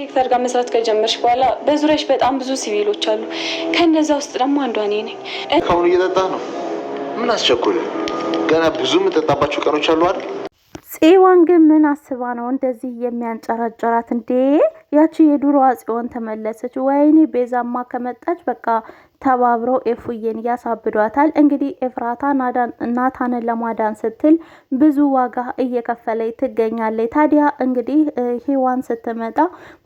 ዲሬክተር ጋር መስራት ከጀመርሽ በኋላ በዙሪያሽ በጣም ብዙ ሲቪሎች አሉ። ከነዛ ውስጥ ደግሞ አንዷ እኔ ነኝ። ካሁን እየጠጣ ነው። ምን አስቸኩል? ገና ብዙ የምጠጣባቸው ቀኖች አሉ አይደል? ጽዋን ግን ምን አስባ ነው እንደዚህ የሚያንጨራጨራት እንዴ? ያቺ የዱሮ ጽዮን ተመለሰች። ወይኔ ቤዛማ ከመጣች በቃ ተባብረው ኤፉዬን ያሳብዷታል። እንግዲህ ኤፍራታ ናታንን ለማዳን ስትል ብዙ ዋጋ እየከፈለች ትገኛለች። ታዲያ እንግዲህ ሄዋን ስትመጣ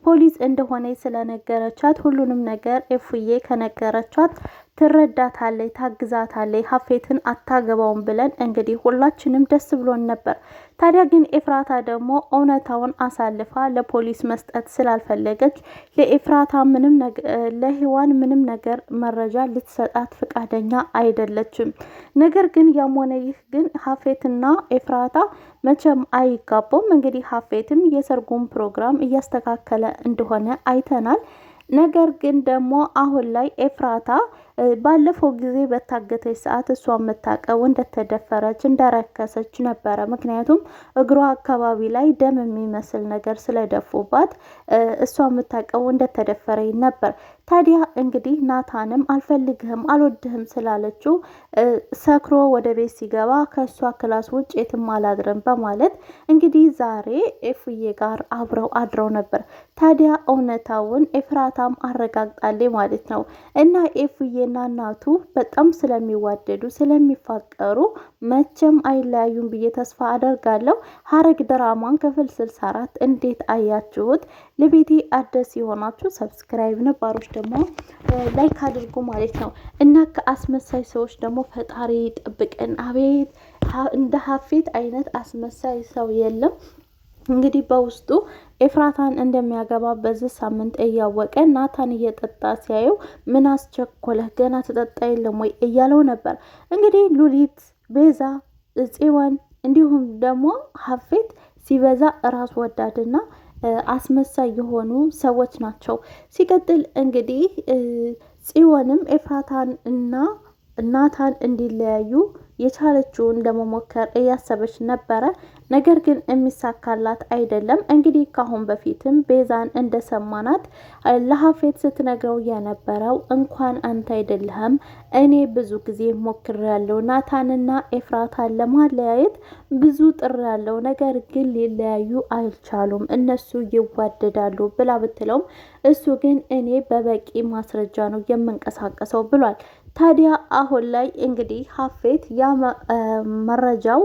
ፖሊስ እንደሆነ ስለነገረቻት ሁሉንም ነገር ኤፉዬ ከነገረቻት ትረዳታለች፣ ታግዛታለች። ሀፌትን አታገባውም ብለን እንግዲህ ሁላችንም ደስ ብሎን ነበር። ታዲያ ግን ኤፍራታ ደግሞ እውነታውን አሳልፋ ለፖሊስ መስጠት ስላ ስላልፈለገች ለኤፍራታ ምንም ለሔዋን ምንም ነገር መረጃ ልትሰጣት ፍቃደኛ አይደለችም። ነገር ግን ያም ሆነ ይህ ግን ሀፌትና ኤፍራታ መቼም አይጋቡም። እንግዲህ ሀፌትም የሰርጉን ፕሮግራም እያስተካከለ እንደሆነ አይተናል። ነገር ግን ደግሞ አሁን ላይ ኤፍራታ ባለፈው ጊዜ በታገተች ሰዓት እሷ የምታውቀው እንደተደፈረች እንደረከሰች ነበረ። ምክንያቱም እግሯ አካባቢ ላይ ደም የሚመስል ነገር ስለደፉባት እሷ የምታውቀው እንደተደፈረች ነበር። ታዲያ እንግዲህ ናታንም አልፈልግህም፣ አልወድህም ስላለችው ሰክሮ ወደ ቤት ሲገባ ከእሷ ክላስ ውጭ የትም አላድርም በማለት እንግዲህ ዛሬ ኤፉዬ ጋር አብረው አድረው ነበር። ታዲያ እውነታውን ኤፍራታም አረጋግጣሌ ማለት ነው። እና ኤፉዬና እናቱ በጣም ስለሚዋደዱ ስለሚፋቀሩ መቼም አይለያዩም ብዬ ተስፋ አደርጋለሁ። ሀረግ ድራማን ክፍል አራት እንዴት አያችሁት? ለቤቴ አዲስ የሆናችሁ ሰብስክራይብ ነባሮች ደግሞ ላይክ አድርጉ ማለት ነው። እና ከአስመሳይ ሰዎች ደግሞ ፈጣሪ ጠብቀን። አቤት እንደ ሀፌት አይነት አስመሳይ ሰው የለም። እንግዲህ በውስጡ ኤፍራታን እንደሚያገባ በዚህ ሳምንት እያወቀ ናታን እየጠጣ ሲያየው ምን አስቸኮለህ ገና ተጠጣ የለም ወይ እያለው ነበር። እንግዲህ ሉሊት፣ ቤዛ፣ ጽዋን እንዲሁም ደግሞ ሀፌት ሲበዛ ራስ ወዳድና አስመሳይ የሆኑ ሰዎች ናቸው። ሲቀጥል እንግዲህ ጽዮንም ኤፍራታን እና ናታን እንዲለያዩ የቻለችውን ለመሞከር እያሰበች ነበረ። ነገር ግን የሚሳካላት አይደለም። እንግዲህ ካሁን በፊትም ቤዛን እንደሰማናት ለሀፌት ስትነግረው የነበረው እንኳን አንተ አይደለህም እኔ ብዙ ጊዜ ሞክር ያለው ናታንና ኤፍራታን ለማለያየት ብዙ ጥር ያለው ነገር ግን ሊለያዩ አልቻሉም፣ እነሱ ይዋደዳሉ ብላ ብትለውም እሱ ግን እኔ በበቂ ማስረጃ ነው የምንቀሳቀሰው ብሏል። ታዲያ አሁን ላይ እንግዲህ ሀፌት ያ መረጃው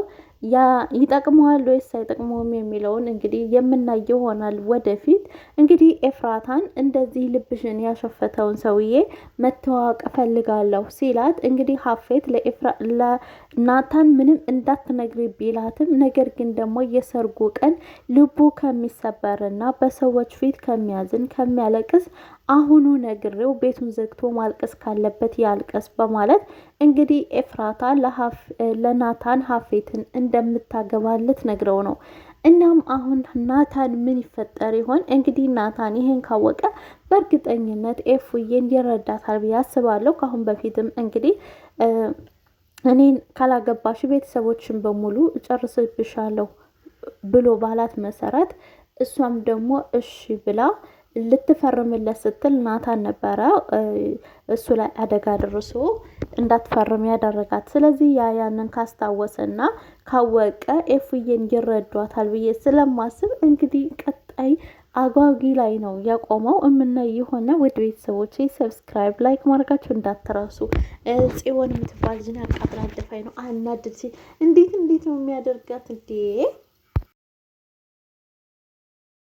ይጠቅመዋል ወይስ አይጠቅመውም የሚለውን እንግዲህ የምናይ ይሆናል ወደፊት። እንግዲህ ኤፍራታን እንደዚህ ልብሽን ያሸፈተውን ሰውዬ መተዋወቅ እፈልጋለሁ ሲላት እንግዲህ ሀፌት ናታን ምንም እንዳትነግሪ ቢላትም ነገር ግን ደግሞ የሰርጉ ቀን ልቡ ከሚሰበርና በሰዎች ፊት ከሚያዝን ከሚያለቅስ አሁኑ ነግሬው ቤቱን ዘግቶ ማልቀስ ካለበት ያልቀስ በማለት እንግዲህ ኤፍራታ ለናታን ሀፌትን እንደምታገባለት ነግረው ነው። እናም አሁን ናታን ምን ይፈጠር ይሆን? እንግዲህ ናታን ይህን ካወቀ በእርግጠኝነት ኤፉዬን ይረዳታል ብዬ አስባለሁ። ከአሁን በፊትም እንግዲህ እኔን ካላገባሽ ቤተሰቦችን በሙሉ እጨርስብሻለሁ ብሎ ባላት መሰረት እሷም ደግሞ እሺ ብላ ልትፈርምለት ስትል ናታን ነበረ እሱ ላይ አደጋ ደርሶ እንዳትፈርም ያደረጋት። ስለዚህ ያ ያንን ካስታወሰና ካወቀ ኤፉዬን ይረዷታል ብዬ ስለማስብ እንግዲህ ቀጣይ አጓጊ ላይ ነው ያቆመው። እምናይ የሆነ ውድ ቤተሰቦች ሰብስክራይብ፣ ላይክ ማድረጋቸው እንዳትረሱ። ጽዮን የምትባል ዝና አቃጥላ ደፋኝ ነው አናድድ ሲል እንዴት እንዴት ነው የሚያደርጋት እንዴ!